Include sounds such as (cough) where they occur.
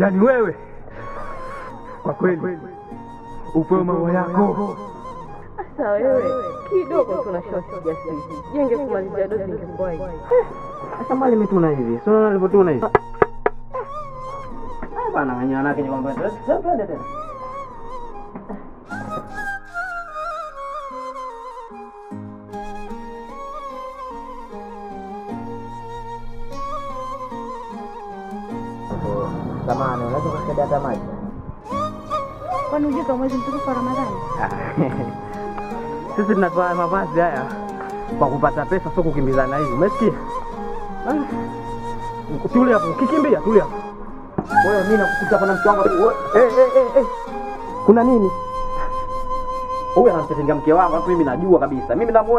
Yaani wewe kwa kweli upewe maua yako. Sasa wewe kidogo shoti sisi. Jenge kumalizia dozi ingekuwa hivi. Sasa mali umetuna hivi. Sio unaona alivyotuna hivi. Ah bana, wanyanake ni kwamba twende tena. Samahani, unaweza kusaidia hata maji? Kwani unajua kwa mwezi mtukufu wa Ramadhani? Ah. (laughs) Sisi tunatoa mavazi haya kwa kupata pesa, sio kukimbizana hivi. Umesikia? Ah. Tulia hapo, ukikimbia tulia hapo. Wewe mimi nakukuta hapa na mke wangu. Eh eh eh. eh. Kuna nini? Huyu anamtetengea mke wangu, alafu mimi najua kabisa. Mimi namuona